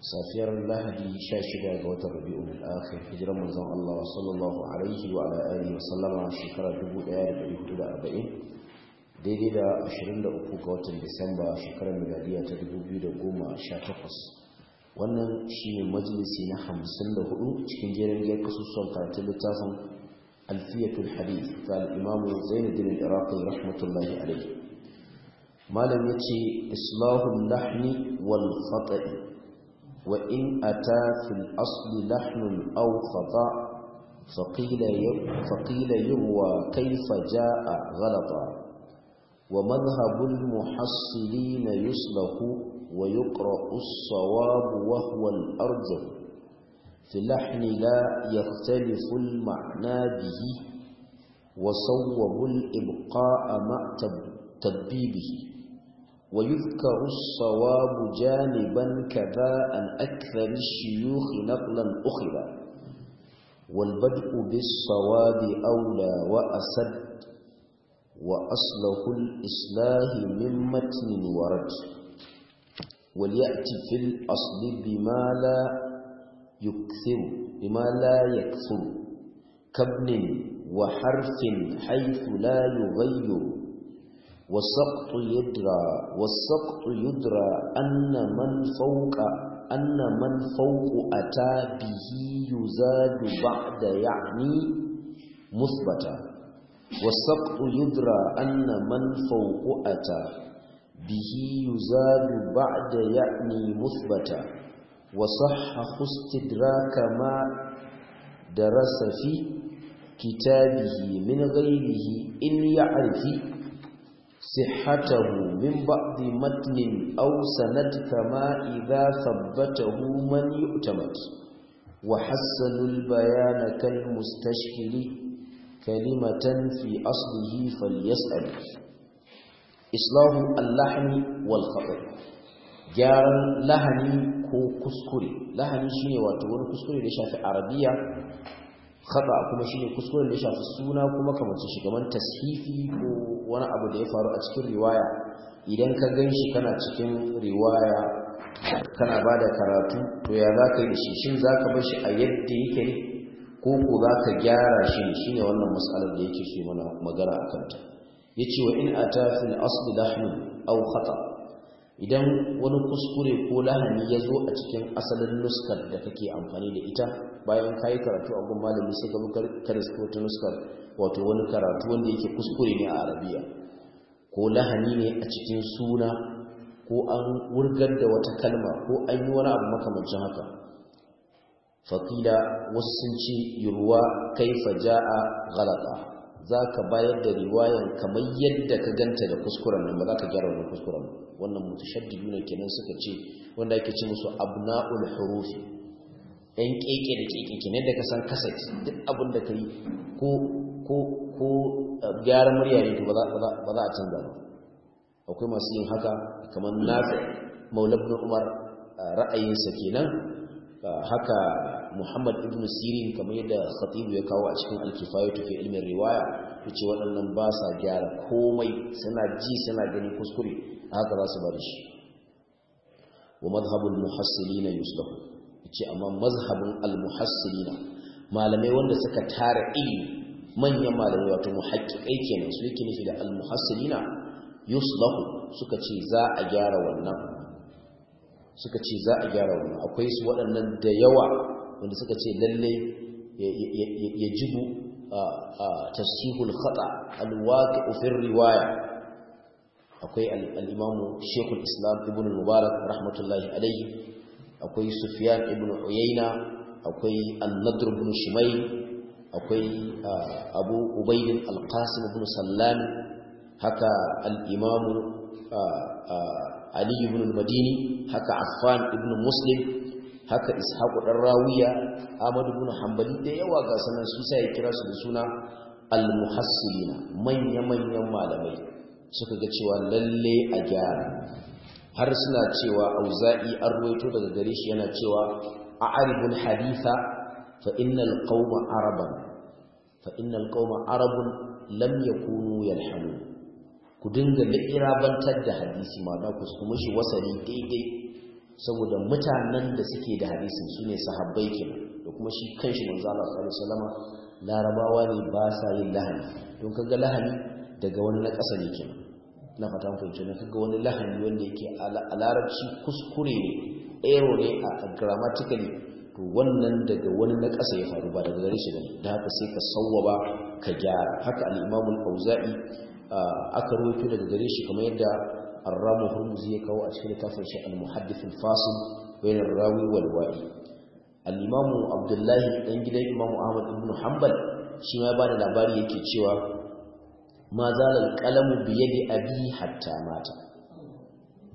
safiyar lahadi sha shida ga watan rabi'ul akhir hijiran manzon Allah sallallahu alaihi wa ala alihi wa sallama shekara 1440 daidai da 23 ga watan Disamba shekara miladiya ta 2018 wannan shine majalisi na 54 cikin jerin giyar kasusuwan karatun littafin alfiyatul hadith ta al-imam Zainuddin al-Iraqi rahmatullahi alaihi malam yace islahun lahni wal khata'i وإن أتى في الأصل لحن أو خطأ فقيل فقيل يروى كيف جاء غلطا ومذهب المحصلين يصلح ويقرأ الصواب وهو الأرجح في لحن لا يختلف المعنى به وصوب الإبقاء مع تبيبه ويذكر الصواب جانبا كذا أن أكثر الشيوخ نقلا أخذا والبدء بالصواب أولى وأسد وأصله الإصلاح من متن ورد وليأتي في الأصل بما لا يكثر بما لا يكثر كابن وحرف حيث لا يغير والسقط يدرى والسقط يدرى أن من فوق أن من فوق أتى به يزاد بعد يعني مثبتا والسقط يدرى أن من فوق أتى به يزاد بعد يعني مثبتا وصحح استدراك ما درس في كتابه من غيره إن يعرف صحته من بعض متن أو سند كما إذا ثبته من يؤتمد وحسن البيان كالمستشكل كلمة في أصله فليسأل إصلاح اللحن والخطأ gyaran lahani ko kuskure lahani shine wato wani kuskure da shafi arabiya khada kuma shine kuskuren da ya shafi suna kuma kamar shi gaban tashifi ko wani abu da ya faru a cikin riwaya idan ka ganshi kana cikin riwaya kana bada karatu to ya zaka yi shi shin zaka bar shi a yadda yake ne ko ko zaka gyara shi shine wannan matsalar da yake shi mana magana akan ta yace wa in ata fil asl lahnu aw khata idan wani kuskure ko lahani ya zo a cikin asalin nuskar da kake amfani da ita bayan ka yi karatu a gun malami sai ka bukar karisko ta nuskar wato wani karatu wanda yake kuskure ne a arabiya ko lahani ne a cikin suna ko an wurgar da wata kalma ko an yi wani abu makamancin haka faƙila wasu sun ce ruwa kai a galata za ka bayar da riwayan kamar yadda ka ganta da kuskuren nan ba za ka gyara wannan kuskuren wannan mutu ne kenan suka ce wanda ake ce musu abna'ul hurufi ɗan ƙeƙe da keke kenan da ka san kasat duk abin da ka yi ko ko ko eh, murya ne ba za a canza ba akwai masu yin haka kamar nafi maulabin umar eh, ra'ayinsa kenan eh, haka muhammad ibn sirin kamar yadda khatibu ya kawo a cikin alkifayo tafi ilmin riwaya ce waɗannan ba sa gyara komai suna ji suna gani kuskure haka za su bari shi wa madhhabul muhassilina Yusuf. ce amma mazhabin almuhassirina malamai wanda suka tara iri manyan malamai wato muhaqqiqai kenan su yake nufi da almuhassirina yuslahu suka ce za a gyara wannan suka ce za a gyara wannan akwai su waɗannan da yawa wanda suka ce lalle ya jibu tasihul khata alwaqi'u fi riwaya akwai al-imamu Sheikhul Islam Ibn Mubarak rahmatullahi alayhi akwai sufyan ibn uyayna akwai al nadr ibn akwai abu ubayd al-qasim ibn sallan haka al-imam ali ibn al-madini haka affan ibn muslim haka ishaq dan rawiya ahmad ibn hanbali da yawa ga sanan su sai kira su da suna al muhassilin manya manyan malamai suka ga cewa lalle a gyara har suna cewa auza'i an ruwaito daga gare shi yana cewa a aribul haditha fa innal araban fa innal qauma arabun lam yakunu yalhamu ku dinga irabantar da hadisi ma'ana ku kuma shi wasali daidai saboda mutanen da suke da hadisin sune sahabbai kenan da kuma shi kanshi manzo Allah sallallahu alaihi wasallam larabawa ne ba sa yin lahani don kaga lahani daga wani na ƙasa ne kenan na fata fahimci na kaga wani lahani wanda yake a larabci kuskure ne ero ne a grammatically to wannan daga wani na ƙasa ya faru ba daga gare shi ba da haka sai ka ba ka gyara haka al-imamu auzai aka rufe daga gare shi kamar yadda ar hurmuzi ya kawo a cikin littafin shi al-muhaddith al-fasil bayan rawi wal wa'i al-imamu abdullahi dan gidan imamu ahmad ibn hanbal shi ma bada labari yake cewa ma zala alƙalamu bi yadi abi hatta mata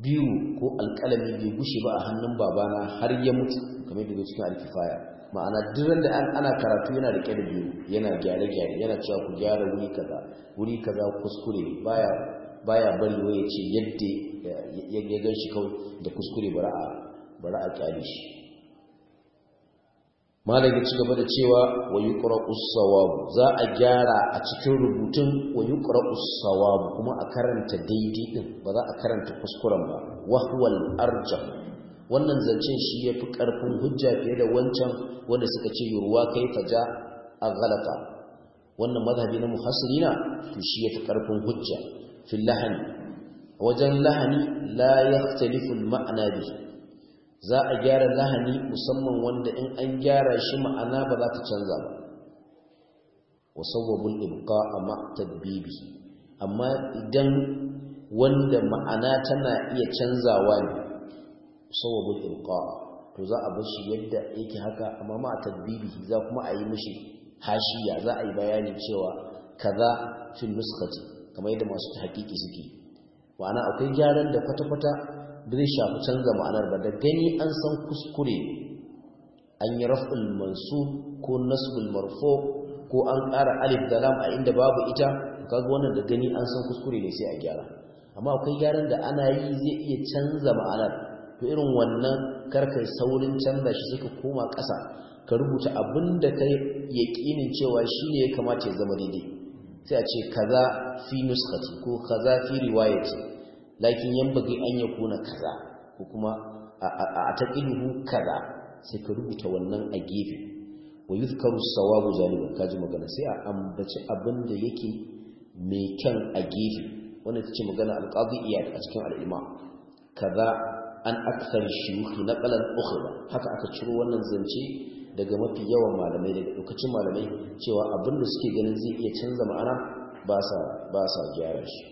biyu ko alƙalami bai gushe ba a hannun babana har ya mutu kamar da cikin alkifaya ma'ana duran da ana karatu yana rike da biyu yana gyare gyare yana cewa ku gyara wuri kaza wuri kaza kuskure baya baya bari wai ya ce yadda ya gan shi kawai da kuskure bara a bara a kyale shi Malamin ci gaba da cewa wa yuqra'us sawabu za a gyara a cikin rubutun wa yuqra'us sawabu kuma a karanta daidai din ba za a karanta kuskuren ba wa huwal wannan zancen shi yafi karfin hujja fiye da wancan wanda suka ce yurwa kai faja a galata wannan mazhabi na muhassirina to shi yafi karfin hujja fil lahani wajen lahani la yakhtalifu al ma'na bihi za a gyara lahani musamman wanda in an gyara shi ma'ana ba za ta canza ba wa ibqa ma tadbibi amma idan wanda ma'ana tana iya canzawa ne sawwabul ibqa to za a bar shi yadda yake haka amma ma tadbibi za kuma a yi mishi hashiya za a yi bayani cewa kaza fil nuskati kamar yadda masu hakiki suke ma'ana akwai gyaran da kwata-kwata da zai shafi canza ma'anar ba da gani an san kuskure an yi raf'ul mansu ko nasbul marfo ko an ƙara alif da lam a inda babu ita kaga wannan da gani an san kuskure ne sai a gyara amma akwai gyaran da ana yi zai iya canza ma'anar to irin wannan karkar saurin canza shi suka koma ƙasa ka rubuta abin da ka yaƙinin cewa shi ne ya kamata ya zama daidai sai a ce kaza fi nuskati ko kaza fi riwayati lakin yambagi an ya kuna kaza ko kuma a taqiluhu kaza sai ka rubuta wannan a gefe wa yuzkaru sawabu ka kaji magana sai a ambaci abin da yake mai kyan a gefe wannan tace magana alqadi iya a cikin al'umma? kaza an akthar na naqalan ukhra haka aka ciro wannan zance daga mafi yawan malamai daga lokacin malamai cewa abin da suke ganin zai iya canza ma'ana ba sa ba sa gyara shi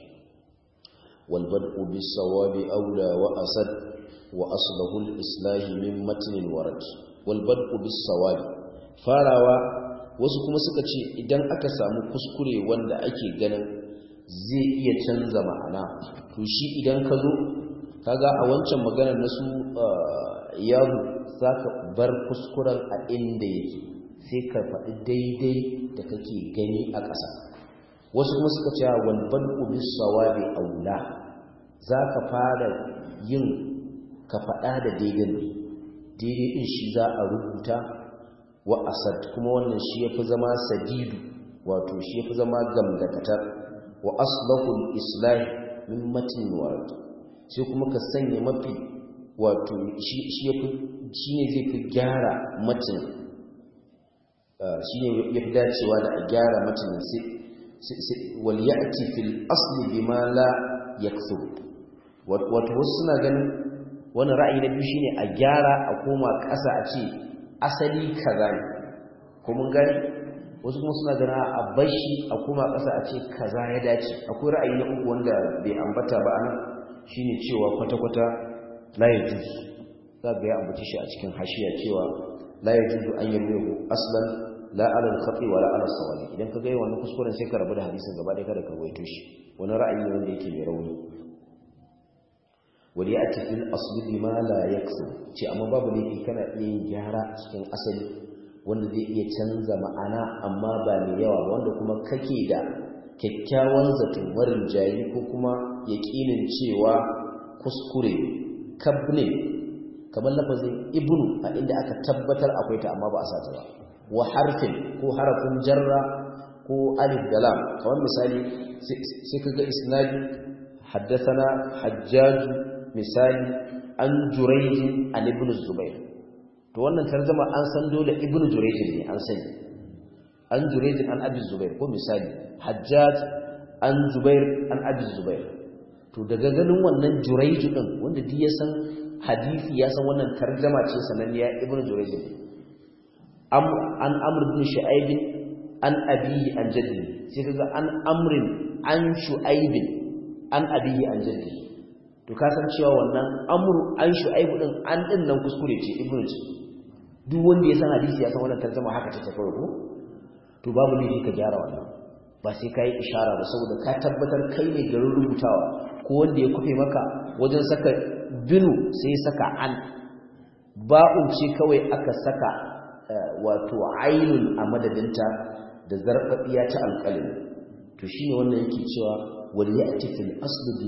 والبدء بالصواب أولى وأسد وأصله الإصلاح من متن الورد والبدء بالصواب فاروا wasu kuma suka ce idan aka samu kuskure wanda ake ganin zai iya canza ma'ana to shi idan ka zo kaga a wancan maganar na su yaro za ka bar kuskuren a inda yake sai ka faɗi daidai da kake gani a ƙasa wasu kuma suka ce walban ubin sawa bai aula za ka fara yin ka faɗa da daidai ne daidai ɗin shi za a rubuta wa asad kuma wannan shi ya fi zama sadidu wato shi ya fi zama gamdakatar wa aslahul islam min matin wato sai kuma ka sanya mafi wato shi ne zai fi gyara matin shi ne ya fi dacewa da a gyara matin sai wal ya'ti fil asli bima la yakthur wato wasu suna ganin wani ra'ayi na biyu shine a gyara a koma ƙasa a ce asali kaza ne ko mun gani wasu kuma suna ganin a bashi a koma ƙasa a ce kaza ya dace akwai ra'ayi na uku wanda bai ambata ba anan shine cewa kwata-kwata la yajuz za ga ya ambaci shi a cikin hashiya cewa la yajuz an yamuru aslan la ala khati wa la ala sawali idan ka ga wani kuskuren sai ka rabu da hadisin gaba ɗaya kada ka waito shi wani ra'ayi ne wanda yake mai rauni wani a cikin asali ma la yaksu ce amma babu laifi kana iya yin gyara a cikin asali wanda zai iya canza ma'ana amma ba mai yawa ba wanda kuma kake da kyakkyawan zaton warin jayi ko kuma yaƙinin cewa kuskure kabne kamar lafazin ibnu a inda aka tabbatar akwai ta amma ba a sa ba wa harfin ko harafin jarra ko alif da lam kamar misali sai kaga isnadi na hajjaji. misali an jureji an ibn zubair to wannan tarjuma an san dole ibn jurayjin ne an sani an jureji an abi zubair ko misali hajjaj an zubair an abi zubair to daga ganin wannan jureji din wanda duk ya san hadisi ya san wannan tarjuma ce sananniya ibn jurayjin am an amr ibn shu'aib an abi an jaddi sai kaga an amrin an shu'aib an abi an jaddi to ka san cewa wannan amru an shu'aibu din an din nan kuskure ce ibnu ce duk wanda ya san hadisi ya san wannan tarjuma haka ta kawai ko to babu ne ka gyara wannan ba sai kai ishara ba saboda ka tabbatar kai ne garin rubutawa ko wanda ya kufe maka wajen saka binu sai saka an ba ce kawai aka saka eh, wato ainul a madadinta da zarbabiya ta alƙalin to shine wannan yake cewa wal ya'ti fil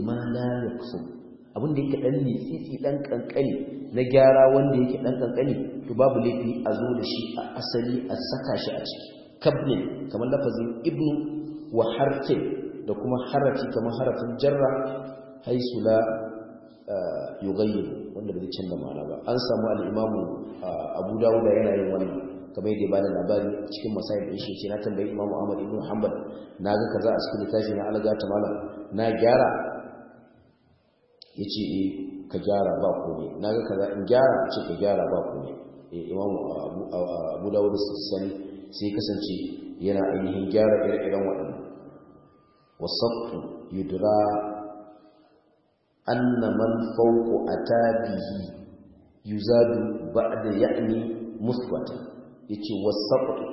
ma na la yaqsud abin da yake ɗan litsitsi ɗan kankani na gyara wanda yake ɗan kankani to babu laifi a zo da shi a asali a saka shi a ciki Kabne kamar lafazin ibnu wa da kuma harafi kamar harafin jarra haisu la yughayyiru wanda bai canza ma'ana ba an samu al-imamu abu dawud yana yin wannan kamar yadda bada labari cikin masayin da shi na tambayi imamu ahmad ibn hanbal na ga kaza a cikin littafi na alga ta malam na gyara ya ce eh ka gyara ba komai na ga kaza in gyara ce ka gyara ba komai eh imamu abu dawud sani sai kasance yana ainihin gyara ire-iren waɗannan wasattu yudra anna man fawqu atabihi yuzadu ya'ani ya'ni musbata yace wasattu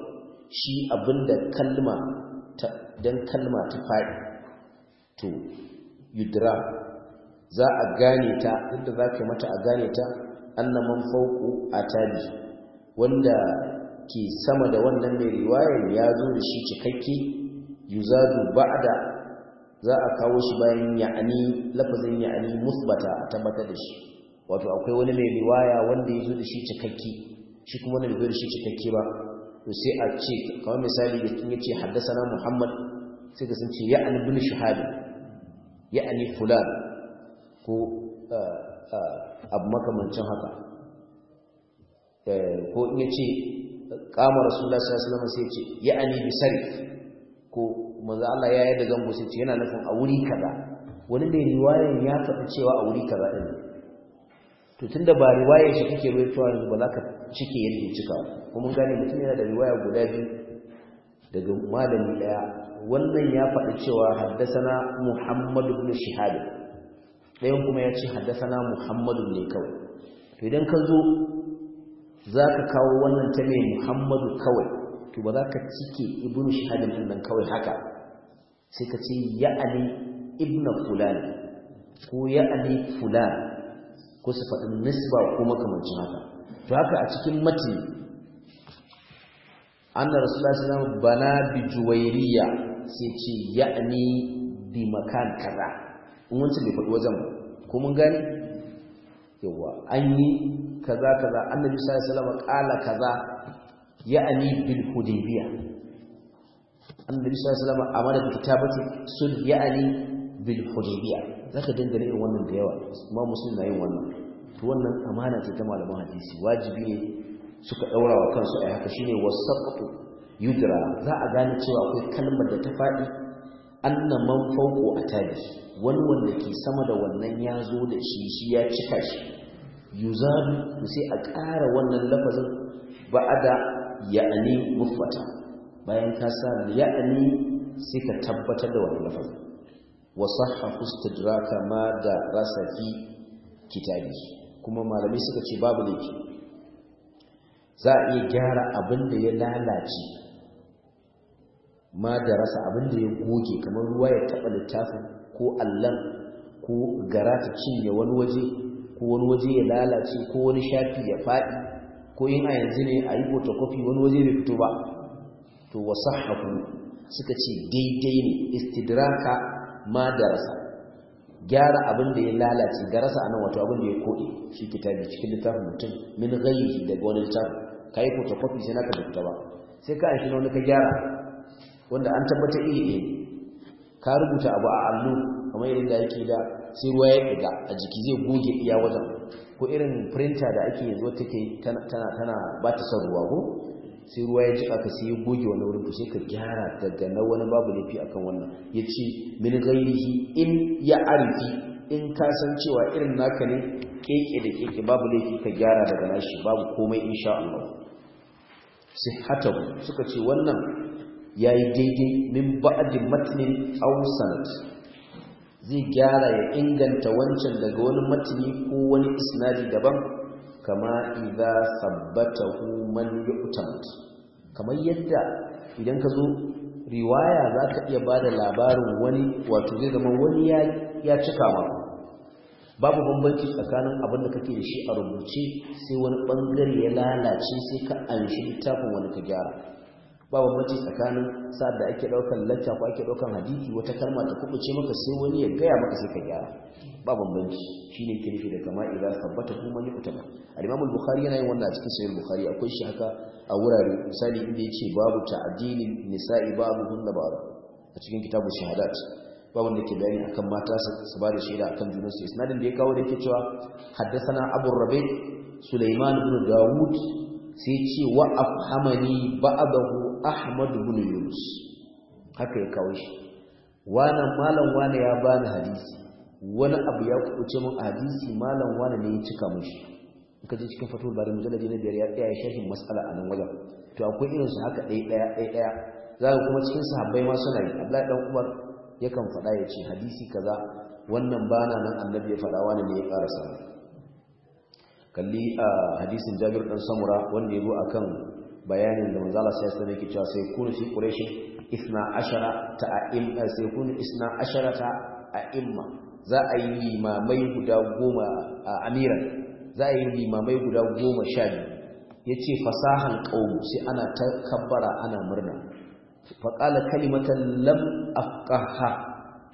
shi abinda kalma ta dan kalma ta faɗi to Yudura. za a gane ta inda za ka mata a gane ta annan man fauku a tabi wanda ke sama da wannan mai riwayar ya zo da shi cikakke yuzadu ba'da za a kawo shi bayan ya'ani lafazin ya'ani musbata a tabbatar da shi wato akwai wani mai riwaya wanda ya zo da shi cikakke shi kuma wani bai da shi cikakke ba to sai a ce kamar misali da kin yace haddasa na Muhammad sai ka sun ce ya'ani bin shahada ya'ani fulan ko eh, eh, abu makamancin haka eh, ko in yace kama rasulullahi sallallahu alaihi wasallam sai yace ya'ani bi sarif ko manzo Allah ya yadda zango sai ce yana nufin a wuri kaza wani da riwayar ya faɗi cewa a wuri kaza din to tunda ba riwayar shi kike ruwaitowa yanzu ba za ka cike yadda ya cika ko mun gane mutum yana da riwaya guda biyu daga malami daya wannan ya faɗi cewa Haddasa na muhammadu bin shihabi ɗayan kuma ya ce haddasana Muhammadu ne kawai to idan ka zo za ka kawo wannan ta mai muhammadu kawai to ba za ka cike ibn shahadin nan kawai haka sai ka ce ya ali ibn fulan ko ya ali fulan ko su faɗin nisba ko makamancin haka to haka a cikin matin an da rasu lasu bana bijuwairiya sai ce ali bi makan kaza in wancan bai faɗi wajen ko mun gane yawa an yi kaza kaza annabi sallallahu alaihi wasallam kala kaza ya'ani bil hudaybiya annabi sallallahu da wasallam amara bi kitabati sulh ya'ani bil hudaybiya zaka dangane irin wannan da yawa kuma muslim na yin wannan to wannan amana ce ta malaman hadisi wajibi ne suka daura wa kansu ai haka shine wasaqtu yudra za a gane cewa akwai kalmar da ta faɗi anna man fauko a tari wani wanda ke sama da wannan ya zo da shi shi ya cika shi ku sai a ƙara wannan lafazin ba'ada ya'ani mufata bayan ka sa ya'ani sai ka tabbatar da wannan lafazin wa ta istidraka ma da rasafi kitabi kuma malamai suka ce babu laifi za a iya gyara abin da ya lalace ma da rasa abin da ya goge kamar ruwa ya taɓa littafin ko allan, ko gara ta cinye wani waje ko wani waje ya lalace ko wani shafi ya faɗi ko yin a yanzu ne a yi hoto-kofi wani waje bai fito ba to wasu haku suka ce daidai ne istidraka ma da rasa gyara abin da ya lalace ga rasa anan wato abin da ya koɗe shi kitabi cikin littafin mutum min gairi daga wani littafin ka yi hoto-kofi sai naka bai fita ba sai ka aiki na wani ka gyara wanda an tabbata iri ɗaya ka rubuta abu a allo kamar irin da yake da sai ruwa ya ɗiga a jiki zai goge iya wajen ko irin printer da ake yanzu take tana tana ba ta son ruwa ko sai ruwa ya jika ka sai ya goge wani wurin ku sai ka gyara daga na wani babu laifi akan wannan ya ce min gairihi in ya arifi in ka san cewa irin naka ne keke da keke babu laifi ka gyara daga nashi babu komai insha Allah sihhatahu suka ce wannan ya yi daidai min ba'adin matinin ausant zai gyara ya inganta wancan daga wani matni ko wani isnadi daban kama idza sabbata man yu'tamad kamar yadda idan ka zo riwaya za ka iya bada labarin wani wato zai zama wani ya cika ma babu bambanci tsakanin abin da kake da shi a rubuce sai wani bangare ya lalace sai ka anshi littafin wani ka gyara ba bambanci tsakanin sa'ad da ake daukar lacca ko ake daukar hadisi wata kalma ta kubuce maka sai wani ya gaya maka sai ka gyara ba bambanci shine ke da kama idan tabbata kuma kuta ba al-imam al-bukhari yana yin wannan a cikin sahih bukhari akwai shi haka a wurare misali inda yace babu ta'dili nisa'i babu hunna ba a cikin kitabu shahadat babu da ke bayani akan mata su ba da shaida akan junan su isnadin da ya kawo da yake cewa haddathana abu rabi sulaiman ibn dawud sai ce wa afhamani ba'adahu ahmad ibn yunus haka ya kawo shi wannan malam wani ya bani hadisi wani abu ya kuce min hadisi malam wani ne ya cika mushi in ka je cikin fatul bari mujalladi na biyar ya tsaya sharhin mas'ala a nan wajen to akwai irin su haka ɗaya ɗaya ɗaya ɗaya za ka kuma cikin sahabbai ma suna yi Abdullahi dan Umar yakan faɗa ya ce hadisi kaza wannan bana nan annabi ya faɗa wani ne ya ƙara sa kalli a ah, hadisin Jabir dan Samura wanda ya zo akan bayanin da manzala sai sai yake cewa sai kunu shi quraishi isna ashara ta a'imma eh, sai kunu isna ashara ta a'imma za a yi limamai guda goma a amiran za a yi limamai guda goma sha biyu yace fasahan qawmu sai ana ta ana murna fa qala kalimatan lam afqaha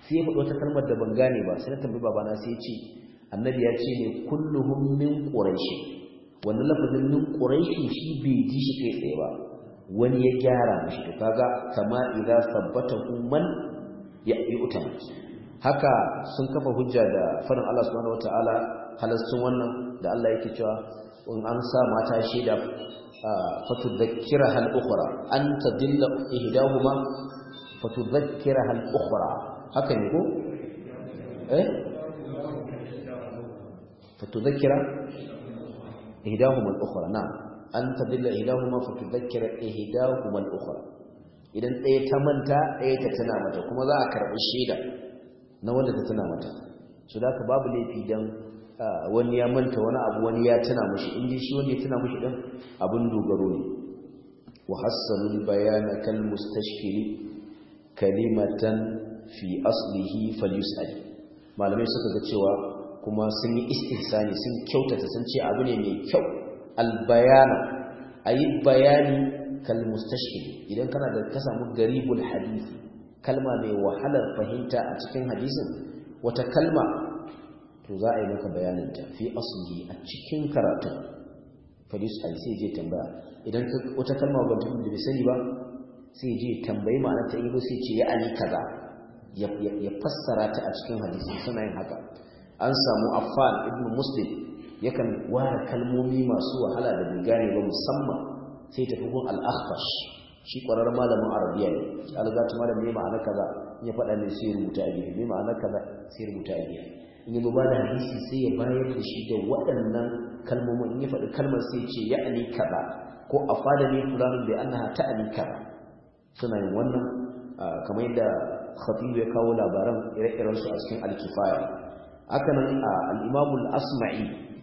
sai ya wata kalmar da ban gane ba sai na tambayi babana sai ya ce annabi ya ce ne kulluhum min quraishi wannan lafazin min quraishi shi bai ji shi kai tsaye ba wani ya gyara mishi to kaga kama idza sabbata man ya yuta haka sun kafa hujja da farin Allah subhanahu wataala halassun wannan da Allah yake cewa in an sa mata shaida fatudhakkiraha al-ukhra an tadilla ihdahuma fatudhakkiraha al-ukhra haka ne ko eh fatudhakkira ihdahuma al-ukhra na an tadilla ihdahuma fa tudhakkira ihdahuma al-ukhra idan ɗaya ta manta ɗaya ta tana mata kuma za a karɓi shaida na wanda ta tana mata su da babu laifi dan wani ya manta wani abu wani ya tana mashi in ji shi wani ya tana mashi dan? Abun dogaro ne wa hassanul bayana kal mustashkiri kalimatan fi aslihi falyus'al malamai suka ga cewa kuma sun yi istihsani sun kyautata sun ce abu ne mai kyau albayana a yi bayani kal idan kana da ka samu garibul hadisi kalma mai wahalar fahimta a cikin hadisin wata kalma to za a yi maka bayanin ta fi asli a cikin karatu fadis ai sai je tambaya idan wata kalma ba ta da sani ba sai je tambayi ma'anar ta ibo sai ce ya ani kaza ya fassara ta a cikin hadisi suna yin haka an samu affan ibn muslim yakan ware kalmomi masu wahala da bai gane ba musamman sai tafi gun al shi kwarar malamin arabiya ne alga ta malam ne ma'ana kaza ya faɗa ne sai rubuta a gefe ne ma'ana kaza sai rubuta a gefe in yi ba da hadisi sai ya bayar da shi da waɗannan kalmomin in ya faɗi kalmar sai ce ya ani kaza ko a afada ne fulanin bai annaha ta ani kaza suna yin wannan ah, kamar yadda khatibu ya kawo labaran ire iren su a cikin alkifaya haka nan al asmai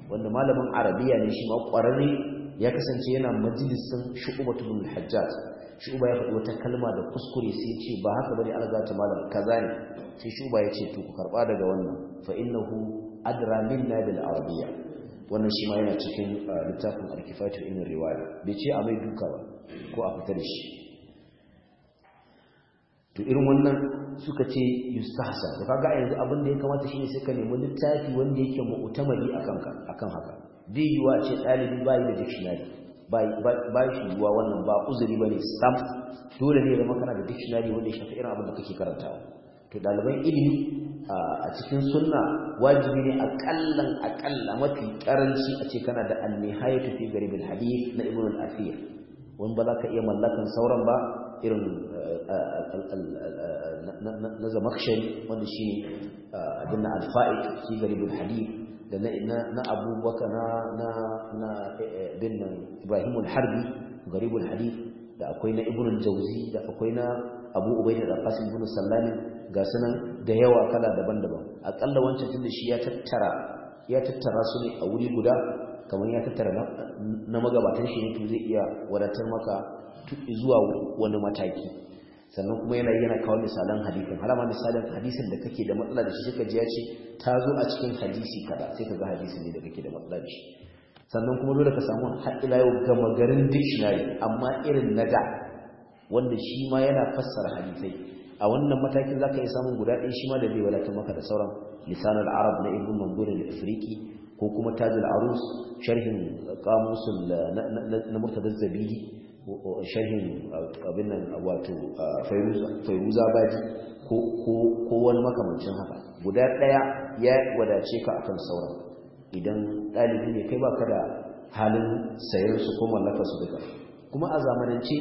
wanda malamin Arabiya ne shi ma ƙwararre ya kasance yana majalisin Shu'uba ibn hajjaj ya faɗi wata kalma da kuskure sai ya ce ba haka bane Allah zata malam kaza ne sai Shu'uba ya ce to ku karba daga wannan fa innahu adra minna bil arabiya wannan shi ma yana cikin littafin al-Kifayatu in riwaya bai ce a mai duka ba ko a fita da shi to irin wannan suka ce yustahsa da kaga yanzu abin da ya kamata shine sai ka nemi littafi wanda yake mu'tamadi akan akan haka bi yuwa ce dalibi bai da dictionary bai bai shi yuwa wannan ba uzuri bane sam dole ne da makana da dictionary wanda ya shafi irin abin da kake karantawa to daliban ilimi a cikin sunna wajibi ne akallan akalla mafi karanci a ce kana da al-nihayatu fi garib hadith na ibn al-athir wani ba za ka iya mallakan sauran ba irin eh, eh, na zamakshari wanda shi ne eh, abin na alfa'ik shi garibin hadith da na abubakar na bin ibrahim harbi garibin hadith da akwai na ibn jauzi da akwai na abu ubai da alfasin ibn sallami ga sanan da yawa kala daban-daban akalla wancan tun da shi ya tattara su ne a wuri guda kamar ya tattara na magabatan shi ne to zai iya wadatar maka zuwa wani mataki sannan kuma yana yana kawo misalan hadisin halama misalin hadisin da kake da matsala da shi suka ji ya ce ta zo a cikin hadisi kada sai ka ga hadisin ne da kake da matsala da shi sannan kuma dole ka samu haɗila yau gama garin dictionary amma irin na da wanda shi ma yana fassara hadisai a wannan matakin za ka yi samun guda ɗaya shi ma da zai wadatar maka da sauran lisanar arab na ibn mangurin da afriki ko kuma tajil arus sharhin kamusul na murtada zabidi sharhin uh, abin nan uh, wato uh, fairuza baji ko wani makamancin haka guda ɗaya ya wadace ka akan sauran idan ɗalibi ne kai baka da halin sayar su ko mallaka su duka kuma a zamanance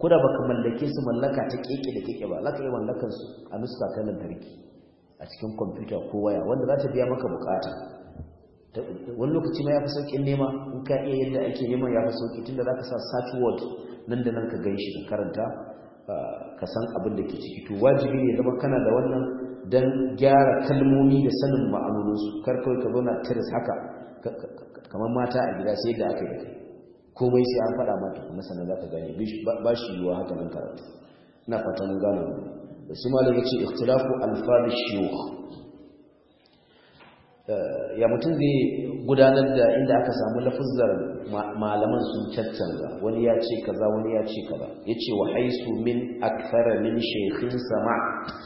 ko da baka mallake su mallaka ta keke da keke ba za ka yi mallakan su a nuska ta lantarki a cikin kwamfuta ko waya wanda za ta biya maka bukata wani lokaci ma ya fi sauƙin nema in ka iya yadda ake nema ya fi sauƙi tunda za ka sa search word nan da nan ka gan shi ka karanta ah, ka san abin da ke ciki to wajibi ne zama kana da wannan don gyara kalmomi da sanin ma'anoninsu kar kawai ka zauna tiris haka kamar mata a gida sai da aka yi komai sai an faɗa mata kuma sannan za ka gane ba shi yiwuwa haka nan karatu ina fatan gano gane su Da ya ce ikhtilafu alfabi Eh, ya mutum zai gudanar da inda aka samu lafuzzar malaman sun caccanza wani ya ce kaza wani ya ce kaza ya ce wa haisu min akthara min shaykhin sama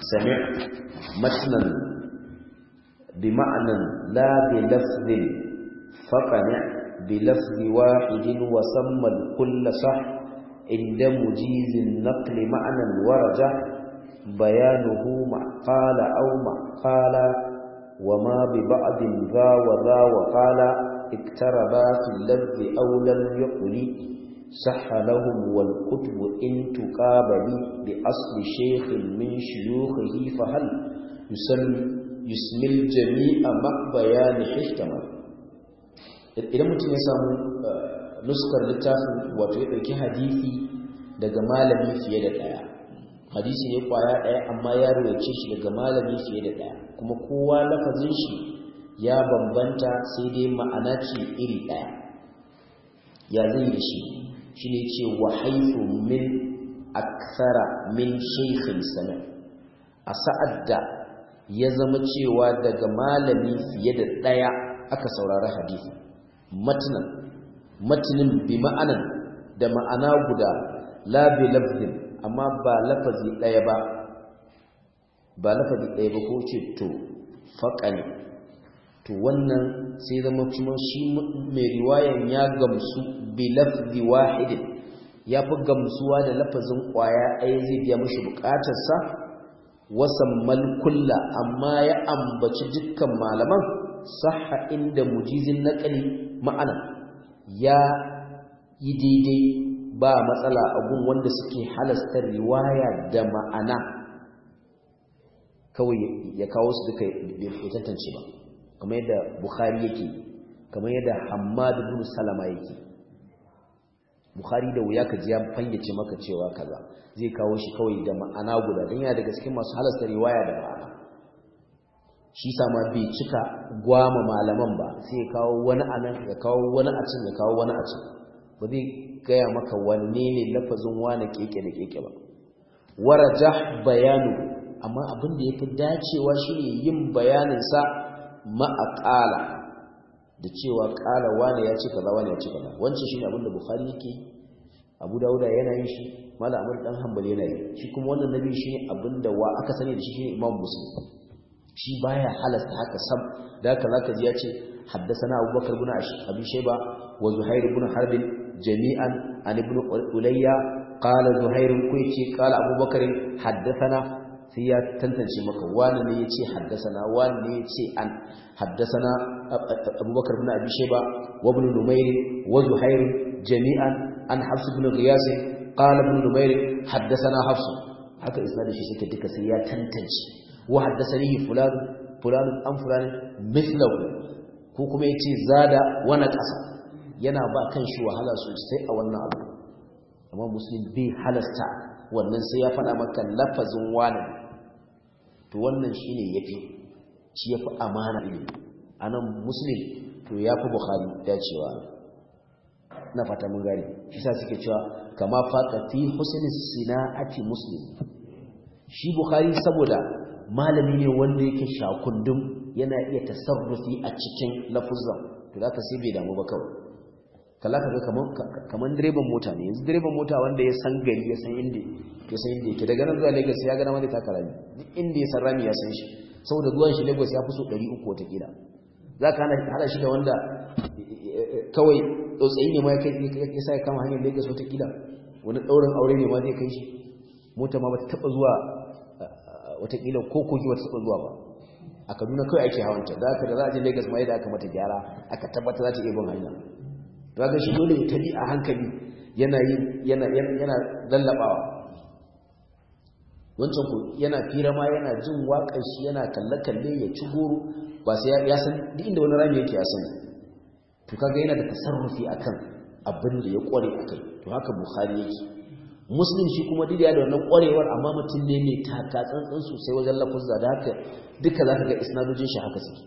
sami' matnan bi ma'anin la bi lafzin ne, bi lafzi wahidin wa samma inda mujizin naqli ma'anin waraja bayanuhu ma au aw وما ببعض ذا وذا وقال اقتربا في اللذ أو لم يقل صح لهم والكتب إن تقابل بأصل شيخ من شيوخه فهل يسمي الجميع مع بيان حكمه idan mutum ya samu nuskar littafin wato ya ɗauki hadisi daga malami fiye da ɗaya hadisi ne kwaya ɗaya amma ya ce shi daga malami fiye da ɗaya kuma kowa lafazin shi ya bambanta sai dai ma'ana ce iri ɗaya ya zai da shi shi ne ce wa haifu min aksara min shaikhin sanar a sa'ad da ya zama cewa daga malami fiye da ɗaya aka saurari hadisi matinan matinin bi ma'anan da ma'ana guda labi lafzin amma ba lafazi ɗaya ba ba lafazi ɗaya ba ko ce to ne. to wannan sai zama kuma shi mai riwayan ya gamsu bi lafzi wahidin ya fi gamsuwa da lafazin ƙwaya ɗaya zai biya mashi buƙatarsa wasan malkulla amma ya ambaci dukkan malaman saha inda mujizin naƙali ma'ana ya yi daidai ba matsala abun wanda suke halasta riwaya da ma'ana kawai ya kawo su duka ya tantance ba kamar yadda bukhari yake kamar yadda hamadu bin salama yake bukhari da wuya ka jiya ya fangace maka cewa kaza zai kawo shi kawai da ma'ana guda don yana daga cikin masu halasta riwaya da ma'ana shi sama bai cika gwama malaman ba sai ya kawo wani nan, ya kawo wani a cin, ya kawo wani a cin. ba zai gaya maka wanne ne lafazin wane keke da keke ba Waraja bayanu amma abin da yafi dacewa shine yin bayanin sa ma'aqala da cewa qala wane ya ce kaza wane ya ce kaza wancan shine abin da bukhari yake abu dauda yana yin shi malam amr dan hanbali yana yi shi kuma wannan nabi shine abin da wa aka sani da shi shine imam muslim shi baya halasta haka sam da haka zaka ji ya ce haddasa na abubakar guna بن أبي wa zuhairu بن harbin جميعا عن ابن أليا قال زهير كويتي قال أبو بكر حدثنا sai ya tantance maka wani ne ya ce haddasana wani ne ya ce an haddasana abubakar bin abi sheba wa ibn numayr wa zuhair jami'an an hafs ibn qiyas qala ibn numayr haddasana hafs haka isnadi shi suke duka sai ya tantance wa haddasanihi an ko kuma yace zada wa naqasa yana ba kan shi wahala sosai a wannan abu amma musulun bai halasta wannan sai ya faɗa maka lafazin wani to wannan shi ne ya fi shi ya fi amana ne, a nan musulun to ya fi ya dacewa na fata mun gari sa suke cewa kama fata fi a sina'ati musulun shi Buhari saboda malami ne wanda yake shakundum yana iya tasarrufi a cikin lafuzan to za ka sai bai damu ba kawai kalla kaga kamar kaman direban mota ne yanzu direban mota wanda ya san gari ya san inda ya san inda yake daga nan zuwa Lagos ya ga na mai taka rami duk inda ya san rami ya san shi saboda zuwan shi Lagos ya fi so 300 wata kila ka hana hada shi da wanda kawai tsotsayi ne ma ya kai ya sa kama hanyar Lagos wata kila wani daurin aure ne ma zai kai shi mota ma bata taba zuwa wata kila ko kogi bata taba zuwa ba a Kaduna kawai ake hawanta da ka da za a je Lagos ma yadda aka mata gyara aka tabbata za ta iya bin hanya daga shi dole ya tabi a hankali yana yana lallabawa wancan ku yana fira ma yana jin waƙar shi yana kalle kalle ya ci goro ba sai ya san duk inda wani rami yake ya san to kaga yana da tasarrufi akan abin da ya kware akai to haka bukhari yake muslim shi kuma duk da wannan kwarewar amma mutum ne mai taka tsantsan sosai wajen lafuzza da haka duka zaka ga isnadojin shi haka suke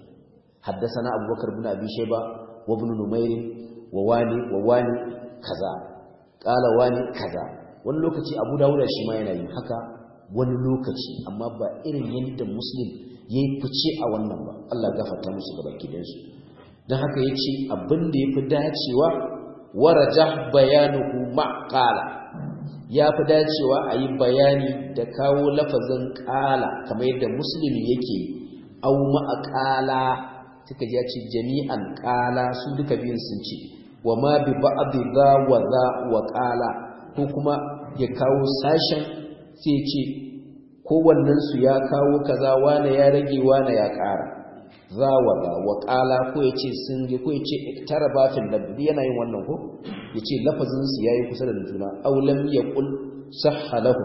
Haddasa na, Abubakar, بكر بن أبي wa وابن نمير wa wani wa wani kaza kala wani kaza wani lokaci abu dawuda shi ma yana yin haka wani lokaci amma ba irin yadda muslim ya yi fice a wannan ba Allah fata musu ga baki gidansu don haka ya ce abin da ya fi dacewa waraja bayanuhu maƙala ya fi dacewa a yi bayani da kawo lafazin ƙala kamar yadda muslim yake au ma'aƙala suka ji ya ce jami'an ƙala su duka biyun sun ce wa ma bi ba'dhi za wa za wa qala ko kuma ya kawo sashen sai ya ce wannan su ya kawo kaza wane ya rage wane ya ƙara za wa za wa qala ko ya ce sun yi ko ya ce iktaraba fil labbi yana yin wannan ko ya ce lafazin su yayi kusa da juna aw lam yaqul sahha lahu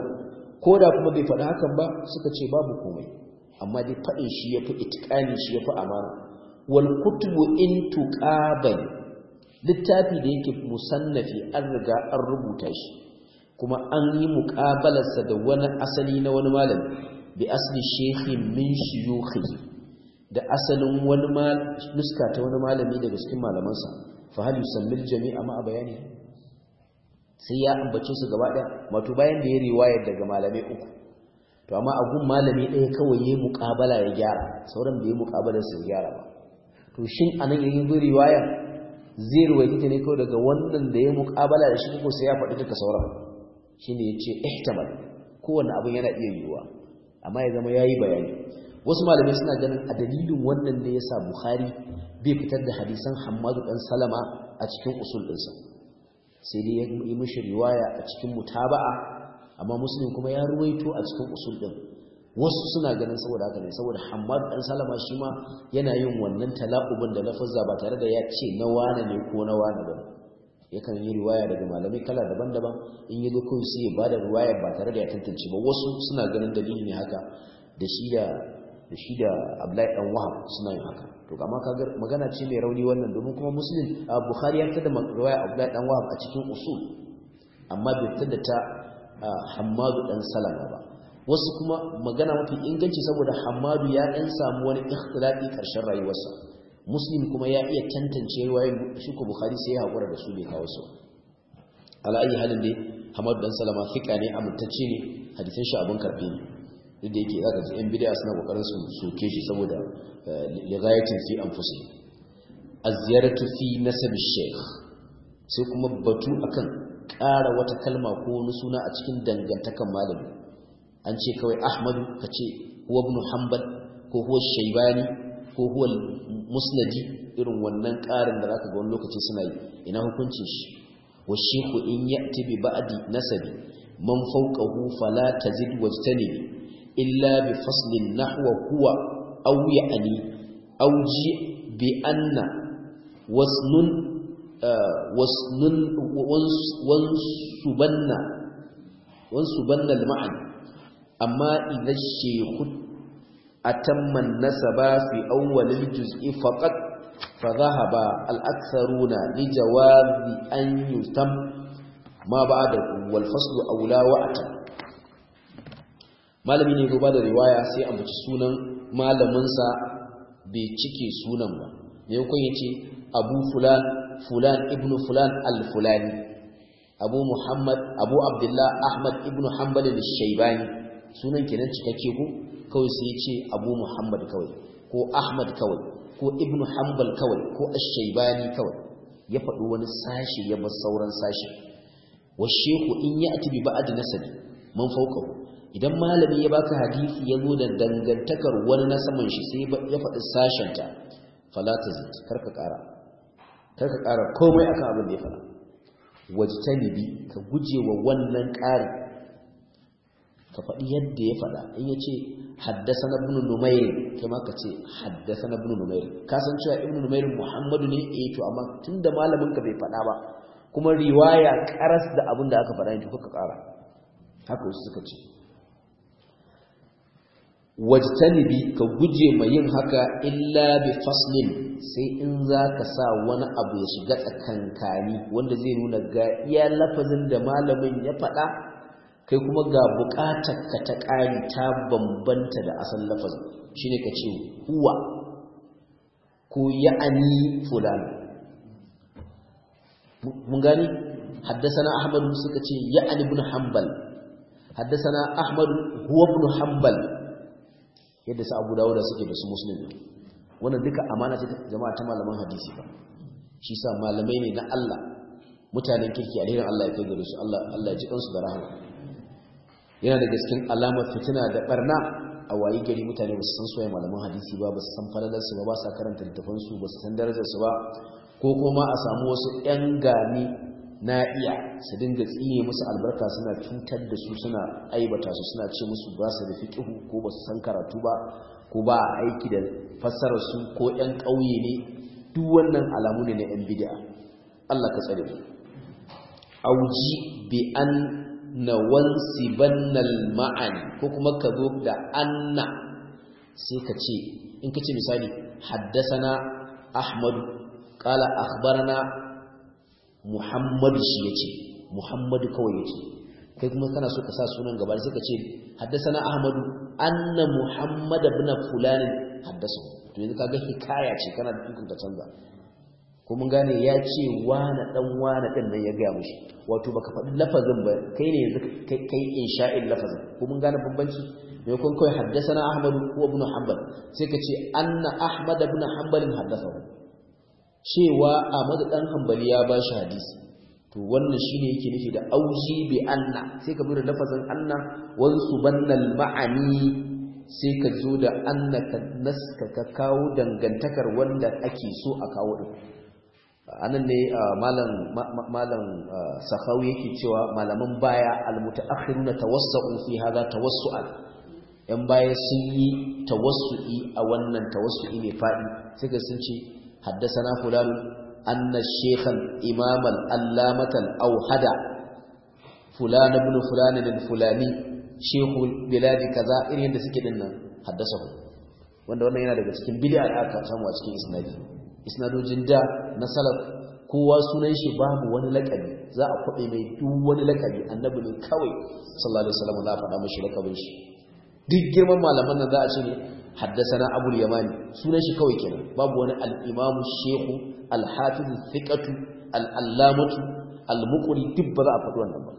ko da kuma bai faɗi hakan ba suka ce babu komai amma dai faɗin shi ya yafi itikani shi ya fi amana wal kutubu in tuqabal littafi da yake musannafi an riga an rubuta shi kuma an yi muƙabalarsa da wani asali na wani malami bi asali shehi min shiyukhi da asalin wani nuska ta wani malami daga cikin malamansa fa hal yusammil jami'a ma bayani sai ya ambace su gaba ɗaya wato bayan da ya riwaya daga malamai uku to amma a gun malami ɗaya kawai ya yi muƙabala ya gyara sauran bai muƙabalarsa ya gyara ba to shin anan yayin riwayar zai ruwaita ne kawai daga wannan da ya muƙabala da shi ko sai ya faɗi duka sauran shine yace ihtamal kowane abin yana iya yiwuwa amma ya zama ya yi bayani wasu malamai suna ganin a dalilin wannan da ya sa buhari bai fitar da hadisan Hammadu ɗan Salama a cikin usul ɗinsa sai dai ya yi mishi riwaya a cikin mutaba'a amma musulun kuma ya ruwaito a cikin usul ɗin wasu suna ganin saboda haka ne saboda hamad dan Salama shi ma yana yin wannan talaqubin da lafazza ba tare da ya ce na wane ne ko na wane ba yakan yi riwaya daga malamai kala daban-daban in yi zuku su yi ba da riwaya ba tare da ya tantance ba wasu suna ganin dalili ne haka da shi da da shi da Abdullahi dan Wahab suna yin haka to amma kaga magana ce mai rauni wannan domin kuma Muslim Bukhari ya tada riwaya Abdullahi dan Wahab a cikin usul amma bai tada ta hamadu dan Salama ba wasu kuma magana mafi inganci saboda hamadu ya ɗan samu wani ikhtilafi ƙarshen rayuwarsa muslim kuma ya iya tantance ruwayin shi ko bukhari sai ya haƙura da su bai kawo su ala ayi halin dai hamadu dan salama fika ne amintacce ne hadisan shi abin karfi ne duk da yake zaka ji yan bid'a suna kokarin su soke shi saboda eh, lighayatin fi anfusih az-ziyaratu fi nasab ash-shaykh sai kuma batu akan ƙara wata kalma ko wani suna a cikin dangantakan malami an ce kawai ahmadu ka ce huwa ibn hanbal ko huwa shaybani ko huwa musnadi irin wannan ƙarin da zaka ga wani lokaci suna yi ina hukuncin shi wa shaykhu in ya'ti bi ba'di nasabi man fawqahu fala tajid wajtani illa bi faslin nahwa huwa aw ya'ni aw ji bi anna wasnun eh, wasnun wansubanna wansubanna al-ma'ani amma idza shaykhu atamma nasaba fi awwal juz'i faqat fa dhahaba al-aktharuna li jawazi an yutam ma ba da wal faslu awla wa atam malami ne ba da riwaya sai ambaci sunan malaminsa bai cike sunan ba ne kun yace abu fulan fulan ibnu fulan al-fulani abu muhammad abu abdullah ahmad ibnu hanbal al-shaybani sunan kenan cikakke ko kawai sai ya ce abu muhammad kawai ko ahmad kawai ko Ibn hanbal kawai ko ashaibani kawai ya faɗi wani sashi ya bar sauran sashi wa shehu in ya ati bi ba'd nasabi man fauka idan malami ya baka hadisi ya zo da dangantakar wani na saman shi sai ya faɗi sashen ta fala tazid karka ƙara karka ƙara komai akan abin da ya faɗa wajtanibi ka guje wa wannan ƙarin ka faɗi yadda ya faɗa in ya ce haddasa na ibn kai ma ka ce haddasa na ibn numair ka san cewa ibn numair muhammadu ne eh to amma tunda malamin ka bai faɗa ba kuma riwaya karas da abin da aka faɗa yanzu kuka ƙara haka wasu suka ce wajtanibi ka guje ma yin haka illa bi faslin sai in za ka sa wani abu ya shiga tsakankani wanda zai nuna ga iya lafazin da malamin ya faɗa kai kuma ga buƙatar ka ta ƙari ta bambanta da asan shi shine ka ce huwa ko ya'ani fulani mun gani haddasana Ahmadu suka ce ya'ani ibn hanbal haddasana Ahmadu huwa ibn hanbal yadda sa abu da suke da su muslim wannan duka amana ce jama'a ta malaman hadisi ba shi sa malamai ne na Allah mutanen kirki alherin Allah ya kai gare su Allah ya ji kansu da rahama yana da gaskin alamar fitina da barna a wayi gari mutane ba su san soyayya malaman hadisi ba ba su san falalar su ba ba sa karanta littafan su ba su san darajar su ba ko kuma a samu wasu yan gani na iya su dinga tsine musu albarka suna cutar da su suna aibata su suna ce musu ba su da fiqihu ko ba su san karatu ba ko ba a aiki da fassarar su ko yan ƙauye ne duk wannan alamu ne na yan bid'a Allah ka tsare mu auji bi an na wansi wansibannal ma'ani ko kuma ka zo da anna sai ka ce in ka ce misali haddasana ahmadu kala akhbarana muhammadu shi ya ce muhammadu kawai ce kai kuma kana so ka sa sunan gaba sai ka ce haddasana ahmadu anna muhammad ibn fulan haddasa to yanzu kaga hikaya ce kana dukkan ka canza ko mun gane ya ce wani dan wani din nan ya gaya mushi wato baka faɗi lafazin ba kai ne yanzu kai insha'in lafazin ko mun gane bambanci mai kun kai haddasa na ahmadu ko ibnu hanbal sai ka ce anna ahmad ibn hanbal haddasa cewa ahmad dan hanbal ya ba shi hadisi to wannan shine yake nufi da auji bi anna sai ka bude lafazin anna wan subannal ma'ani sai ka zo da anna ka kawo dangantakar wanda ake so a kawo din anan ne ah, malam malam ah, sahawi yake cewa malaman baya almuta na tawassu fi hadha tawassu'an yan baya sun yi tawassu'i a wannan tawassu'i ne fadi suka sun ce na fulan anna shaykhan imam al-allamah al-awhada fulan ibn fulan al-fulani shaykhul bilad kaza irin da suke dinnan haddasa wanda wannan yana daga cikin bid'a da aka samu a cikin isnadi isnadojin da na salaf kowa sunan shi babu wani lakabi za a kwaɓe mai duk wani lakabi annabi ne kawai sallallahu alaihi wasallam za a faɗa mashi lakabin shi duk girman malaman nan za a ce ne haddasana abul yamani sunan shi kawai kenan babu wani al-imamu shehu al-hafiz thiqatu al-allamatu al-muqri duk ba za a faɗi wannan ba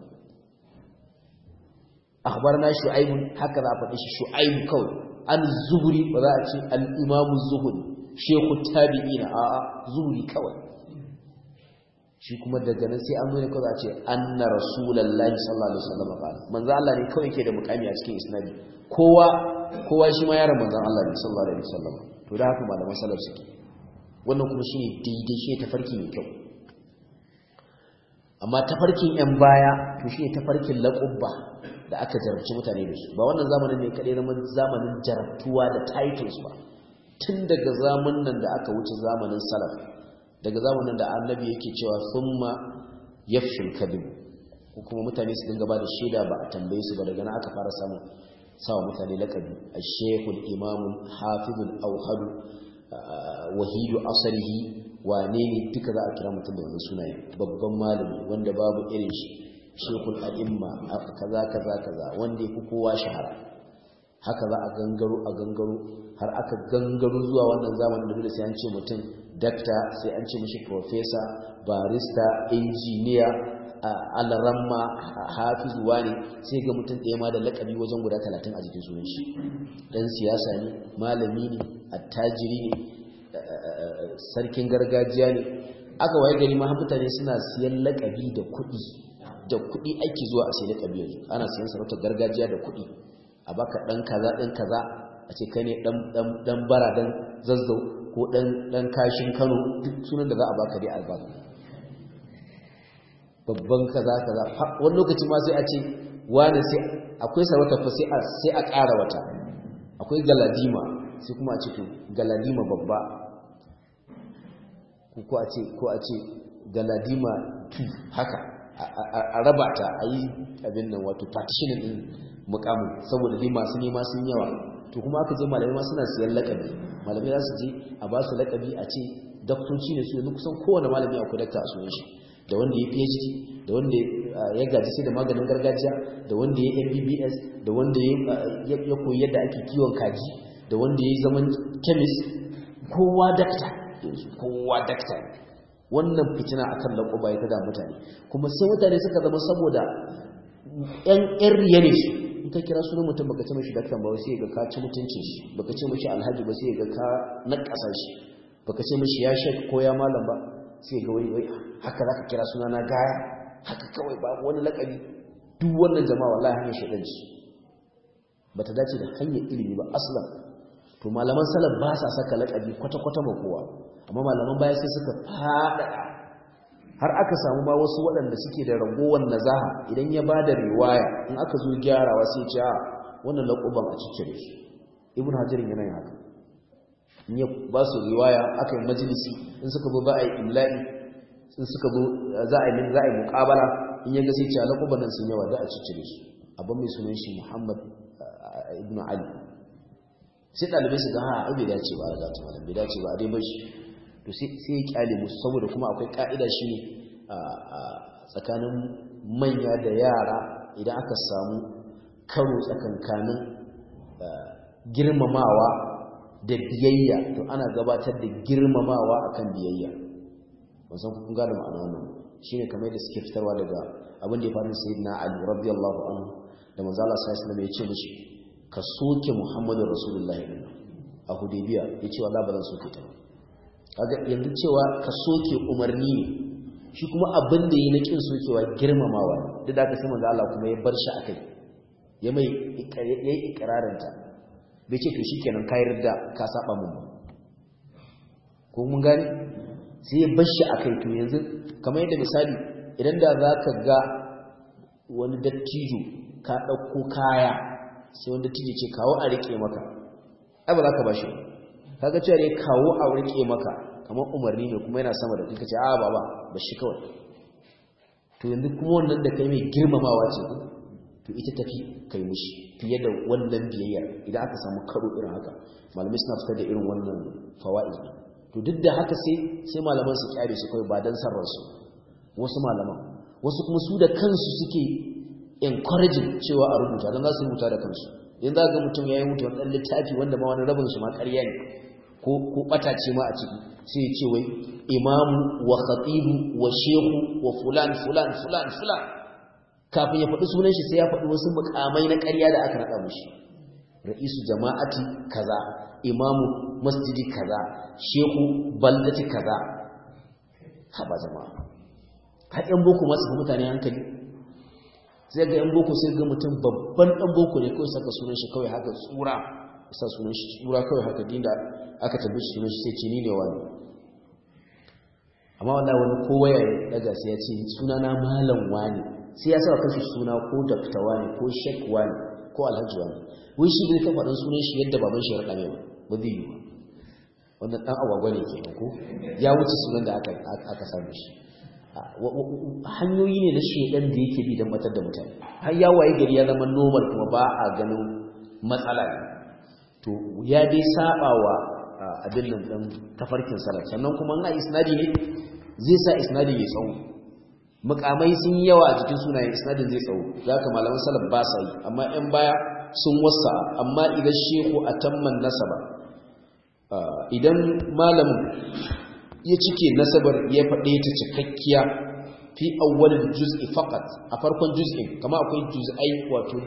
akhbarna shu'aib haka za a faɗi shi shu'aib kawai an zuburi ba za a ce al-imamu zuhuri shehu tabi'in a'a zuri kawai shi kuma daga nan sai an nuna kawai a ce anna rasulullahi sallallahu alaihi wasallam qala manzo Allah ne kawai ke da mukami a cikin isnadi kowa kowa shi ma yaron manzo Allah ne sallallahu alaihi wasallam to da haka malaman salaf suke wannan kuma shine daidai shi tafarki mai kyau amma tafarkin yan baya to shine tafarkin laqubba da aka jarabci mutane da su ba wannan zamanin ne kadai na zamanin jarabtuwa da titles ba tun daga zamanin da aka wuce zamanin salaf daga zamanin da annabi yake cewa thumma yafshul kadhib ko kuma mutane su dinga ba da shaida ba a tambaye su ba daga nan aka fara samun sawa mutane lakabi al-shaykh al-imam al-hafiz al-awhad uh, wahid asrihi ne duka za a kira mutum da wannan sunaye babban malami wanda babu irin shi shekul al'imma kaza kaza kaza wanda ya fi kowa shahara haka za a gangaro a gangaro har aka gangaro zuwa wannan zamanin da dole sai an ce mutum dakta sai an ce mishi profesa barista injiniya alramma hafiz wani sai ga mutum ɗaya ma da lakabi wajen guda talatin a jikin sunan shi ɗan siyasa ne malami ne attajiri ne sarkin gargajiya ne aka waye gari ma mutane suna siyan lakabi da kuɗi da kuɗi ake zuwa a sai lakabi yanzu ana siyan sarautar gargajiya da kuɗi a baka dan kaza dan kaza a ce kane ne dan dan dan bara dan zazzau ko dan dan kashin Kano duk sunan da za a baka dai albaka babban kaza kaza wani lokaci ma sai a ce wani sai akwai sarauta fa sai a sai a ƙara wata akwai galadima sai kuma a ce to galadima babba ko a ce ko a ce galadima 2 haka a raba ta a yi abin nan wato partitioning din mukamin saboda dai masu nema sun yawa to kuma aka je malamai ma suna siyan lakabi malamai za su je a ba su lakabi a ce daktoci ne su yanzu kusan kowane malami akwai dakta a sunan shi da wanda ya PhD da wanda ya gaji sai da maganin gargajiya da wanda ya MBBS da wanda ya koyi yadda ake kiwon kaji da wanda ya yi zaman chemist kowa dakta yanzu kowa dakta wannan fitina akan kan ya ta da mutane kuma sai mutane suka zama saboda 'yan riya ne su ka kira sunan mutum baka ce mishi daktan ba sai ga ka ci mutuncin shi baka ce mishi alhaji ba sai ga ka shi baka ce mishi ya shek ko ya malam ba sai ga wai wai haka zaka kira suna na gaya haka kawai ba wani lakabi duk wannan jama'a wallahi hanyar shedan ba bata dace da hanyar ilimi ba aslan to malaman salaf ba sa saka lakabi kwata kwata ma kowa amma malaman baya sai suka fada har aka samu ma wasu waɗanda suke da ragowar nazaha idan ya ba da riwaya in aka zo gyarawa sai ce a ah, wannan laƙuban a cikin shi ibn hajarin yana haka in ya ba su riwaya aka yi majalisi in suka zo za a yi imla'i in suka zo za a yi za a yi muƙabala in ya ga ce a ah, laƙuban nan sun yawa za a cikin shi abin mai sunan shi muhammad ah, ibn ali sai ɗalibai su ga ha bai dace ba a zata malam bai dace ba a dai bar shi to sai kyale musu saboda kuma akwai ka'ida shi ne tsakanin manya da yara idan aka samu karo tsakankanin girmamawa da biyayya to ana gabatar da girmamawa akan biyayya wasan kun gane ma'ana wannan shine kamar da suke fitarwa daga abin da ya faru sayyidina Ali radiyallahu anhu da manzo Allah sallallahu alaihi ya ce mishi ka soke Muhammadu Rasulullahi a Hudaybiya yace wallahi ba zan soke ta ba yanzu cewa ka soke umarni ne shi kuma abin da ya na kin sokewa girmamawa duk da ka sai manzo Allah kuma ya bar shi akai ya mai ya ikrarin ta bai ce to shikenan ka yarda ka saba mun ko mun gane sai ya bar shi akai to yanzu kamar yadda misali idan da zaka ga wani dattijo ka dauko kaya sai wani dattijo ce kawo a rike maka ai ba za ka bashi ba kaga cewa ne kawo a rike maka kamar umarni ne kuma yana sama da kika ce a baba ba shi kawai to yanzu kuma wannan da kai mai girmamawa ce to ita tafi kai mushi fiye da wannan biyayya idan aka samu karo irin haka malamai suna fitar da irin wannan fawa'i to duk da haka sai sai malaman su kyare su kai ba dan sarrar su wasu malaman wasu kuma su da kansu suke encouraging cewa a rubuta dan za su rubuta da kansu yanzu ga mutum yi mutu wani littafi wanda ma wani rabin su ma ƙarya ne ko bata ce ma a ciki sai ce wai imamu wa khatibu wa shehu wa fulan fulan fulan fulan kafin ya faɗi sunan shi sai ya faɗi wasu mukamai na ƙarya da aka naɗa mushi ra'isu jama'ati kaza imamu masjidi kaza shehu baldati kaza haba jama'a har yan boko masu fi mutane hankali sai ga yan boko sai ga mutum babban ɗan boko ne kawai saka sunan shi kawai haka tsura sa sunan shi tsura kawai haka dinda aka tabi shi sunan sai ce ni ne wani amma wanda wani kowa ya daga sai ya ce suna na malam wani sai ya saba kanshi suna ko dakta wani ko shek wani ko alhaji wani Wani shi bai kafa dan sunan shi yadda baban shi ya rada mai ba zai yi wannan dan agwagwa ne ke ko ya wuce sunan da aka aka samu shi hanyoyi ne na shedan da yake bi don matar da mutane har ya waye gari ya zama normal kuma ba a ganin matsala ne to ya dai saba wa abin nan ɗin tafarkin salaf sannan kuma na isnadi ne zai sa isnadi ya tsawo mukamai sun yi yawa a jikin sunayen isnadin zai tsawo za ka malaman salaf ba sa yi amma yan baya sun wasa amma idan shehu a tamman nasaba idan malamin ya cike nasabar ya faɗe ta cikakkiya fi awwal juz'i faqat a farkon juz'in kamar akwai juz'ai wato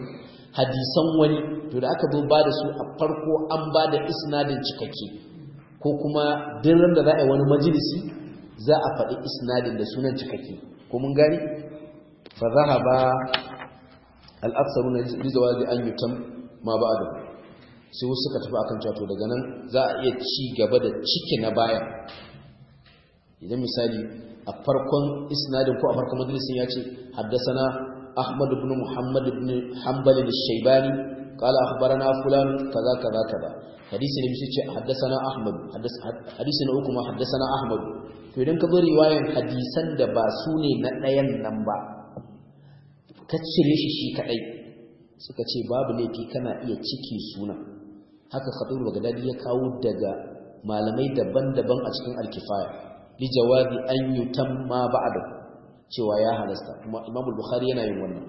hadisan wani to da aka zo ba da su a farko an bada isnadin cikakke ko kuma dinar da za a yi wani majalisi za a faɗi isnadin da sunan cikakke ko mun gani fa zaha ba al'aksaru na rizawa da an yutan ma ba adam sai wasu suka tafi akan cato daga nan za a iya ci gaba da ciki na baya idan misali a farkon isnadin ko a farkon majalisin ya ce haddasana ahmad ibn muhammad ibn hanbal al-shaybani qala akhbarana fulan kaza kaza kaza hadisi ne ce haddasana ahmad hadisi na uku ma haddasana ahmad to idan ka zo riwayan hadisan da ba su ne na ɗayan nan ba ka cire shi shi kaɗai suka ce babu laifi kana iya ciki suna haka khatul bagdadi ya kawo daga malamai daban-daban a cikin alkifaya li jawabi an yutamma ba'da cewa ya halasta kuma bukhari yana yin wannan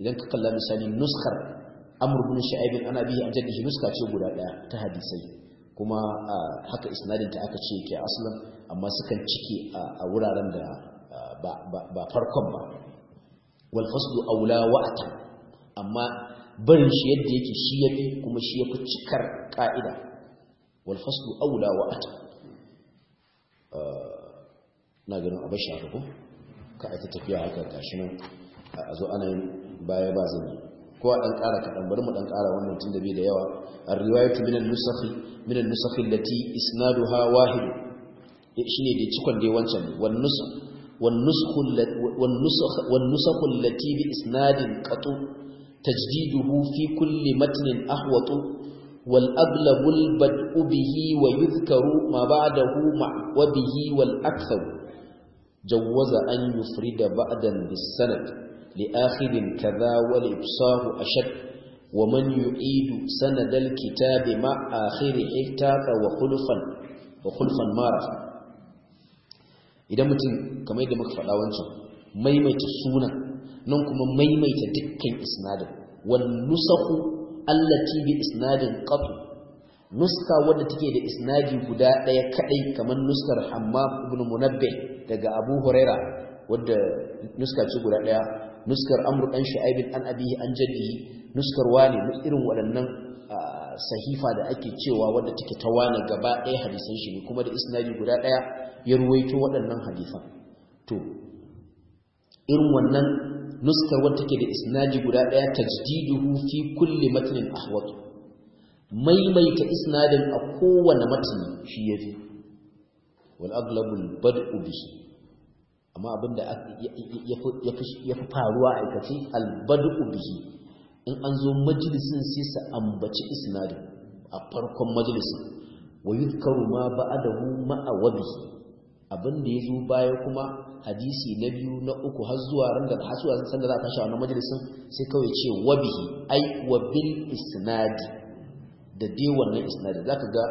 idan ka kalla misali nuskhar amr ibn shu'aib an abi an jaddihi nuska ce guda daya ta hadisai kuma haka isnadin ta aka ce ke aslan amma sukan ciki a wuraren da ba farkon ba wal faslu aula wa'ata amma barin shi yadda yake shi yafi kuma shi yafi cikar ka'ida wal faslu aula wa'ata na ganin abin shafi ko ka aika tafiya haka gashi nan a zo ana yin baya ba zan yi ko a dan ƙara kaɗan bari mu dan ƙara wannan tun da bai da yawa ar-riwayatu min an-nusakh min an-nusakh allati isnaduha wahid eh, shine da cikon dai wancan wan nusakh wan nusakh wan nusakh wan nusakh allati bi isnadin qatu tajdiduhu fi kulli matnin ahwatu wal ablagu al bad'u bihi wa yuzkaru ma ba'dahu ma wa bihi wal aktharu جوز أن يفرد بعدا sanad. لآخذ كذا والإبصار أشد ومن يعيد سند الكتاب مع آخر احتاق وخلفا وخلفا مارفا idan mutum kamar yadda muka faɗa wancan maimaita sunan nan kuma maimaita dukkan isnadin wal nusahu allati bi isnadin qatu nuska wadda take da isnadi guda ɗaya kadai kamar nuskar Hamma ibn Munabbih daga Abu Huraira wadda nuska ce guda ɗaya nuskar amru dan shu'aibin an abihi an jaddi nuskar wani duk irin waɗannan sahifa da ake cewa wanda take ta wani gaba ɗaya hadisan shi ne kuma da isnadi guda ɗaya ya ruwaito waɗannan hadisan to irin wannan nuskar wanda take da isnadi guda ɗaya tajdiduhu fi kulli matnin ahwat maimaita isnadin a kowane matni shi yafi wal aghlabul bad'u bihi amma abin da ya fi faruwa aikace albadu bihi in an zo majalisin sai su ambaci isnadin a farkon majalisin wa yuzkaru ma ba'adahu ma'a wabihi abin da ya zo baya kuma hadisi na biyu na uku har zuwa ran da har zuwa san da za ta sha wannan majalisin sai kawai ce wabihi ai wa bil isnadi da dai wannan isnadi zaka ga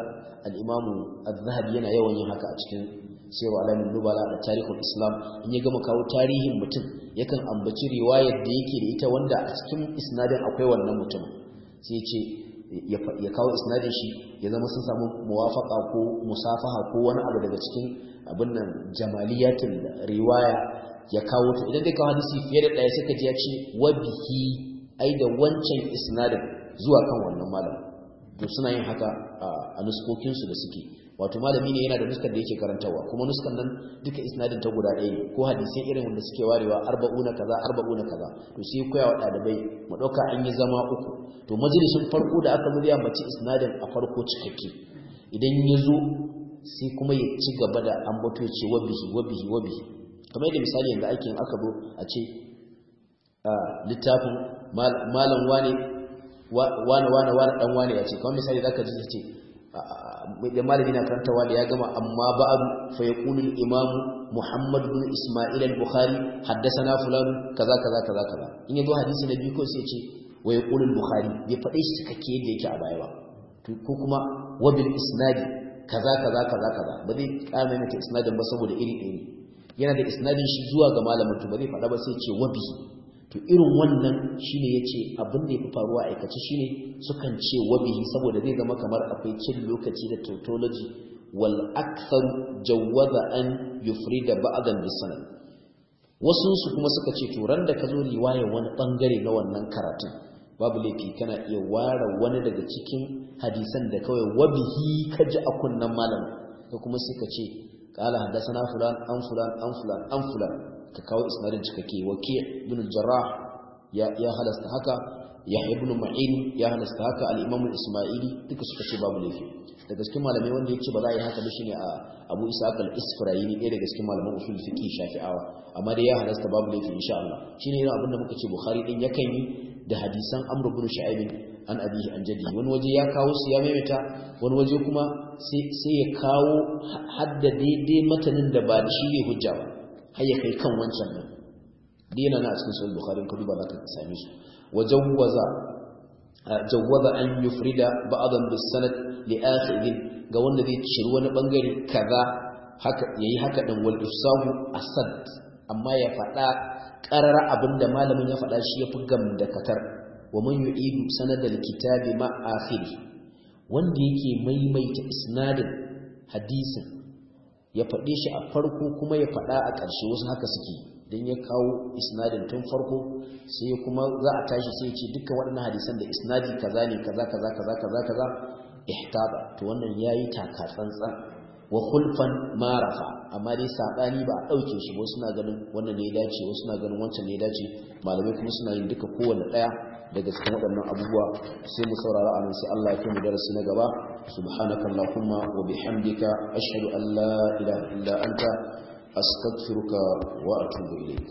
al-imamu az-zahabi yana yawan yin haka a cikin sai alamin nubala da tarihul islam in ya gama kawo tarihin mutum yakan ambaci riwayar da yake da ita wanda a cikin isnadin akwai wannan mutum sai ce ya kawo isnadin shi ya zama sun samu muwafaka ko musafaha ko wani abu daga cikin abin nan jamaliyatin riwaya ya kawo ta idan dai kawo hadisi fiye da ɗaya sai ka ji ya ce wabihi ai da wancan isnadin zuwa kan wannan malam to suna yin haka a nuskokinsu da suke wato malami ne yana da nuskar da yake karantawa kuma nuskan nan duka isnadin ta guda ɗaya ko hadisai irin wanda suke warewa arba'una kaza arba'una kaza to sai koya wa ɗalibai mu ɗauka an yi zama uku to majalisun farko da aka murya mace isnadin a farko cikakke idan ya zo sai kuma ya ci gaba da ambato ce wabihi wabihi wabihi kamar yadda misali yadda ake yin aka zo a ce littafin malam wane wane wane wane ɗan wane ya ce kamar misali za ka ji ce Ah, malami na karantawa da ya gama amma ba'adu fa kulun al Muhammadu Muhammad bin Isma'il al-Bukhari haddathana fulan kaza kaza kaza kaza in yazo hadisi na biyu ko sai ce wa ya al-Bukhari bai faɗe shi cikakke yadda yake a baya ba ko kuma wa bil isnadi kaza kaza kaza kaza ba zai kama mata isnadin ba saboda iri iri yana da isnadin shi zuwa ga malamin to ba zai faɗa ba sai ce wa bihi to irin wannan shine yace abin da yafi faruwa aikace shine sukan ce wabihi saboda zai zama kamar akwai cin lokaci da tautology wal aktsar jawaza an yufrida ba'dan bisanan wasu su kuma suka ce to ran da kazo riwaya wani bangare na wannan karatun babu laifi kana iya ware wani daga cikin hadisan da kawai wabihi kaji a kunnan malam ko kuma sai ka ce qala hadathana fulan an fulan an fulan an fulan ka kawo isnadin cikakke wake ibn jarrah ya ya halasta haka ya ibn ma'in ya halasta haka al-imam ismaili duka suka ce babu laifi daga cikin malamai wanda yace ba za a yi haka ba shine a abu isaq al-isfirayini ɗaya daga cikin malaman usul fiqi shafi'awa amma dai ya halasta babu laifi insha Allah shine yana abinda muka ce bukhari din yakan yi da hadisan amr ibn shu'aib an abihi an jadi wani waje ya kawo su ya maimaita wani waje kuma sai ya kawo hadda daidai matanin da ba da shi ne hujja ba har ya kai kan wancan din dina na cikin sahih bukhari ka duba zaka same su wajawwaza jawwaza an yufrida ba'dan bis sanad li akhidin ga wanda zai ciri wani bangare kaza haka yayi haka dan wal ifsahu asad amma ya fada qarar abinda malamin ya fada shi fi gam da katar wa man yu'idu sanad al kitabi ma akhiri wanda yake maimaita isnadin hadisin ya faɗe shi a farko kuma ya faɗa a ƙarshe wasu haka suke don ya kawo isnadin tun farko sai kuma za a tashi sai ce dukkan waɗannan hadisan da isnadi kaza ne kaza kaza kaza kaza kaza ihtaba to wannan yayi taka tsantsan wa khulfan marafa amma dai sabani ba a ɗauke shi wasu suna ganin wannan ne dace wasu suna ganin wancan ne dace malamai kuma suna yin duka kowanne ɗaya. daga cikin waɗannan abubuwa sai mu saurara a nan sai Allah ya kai mu darasi na gaba subhanaka allahumma wa bihamdika ashhadu an la ilaha illa anta astaghfiruka wa atubu ilayk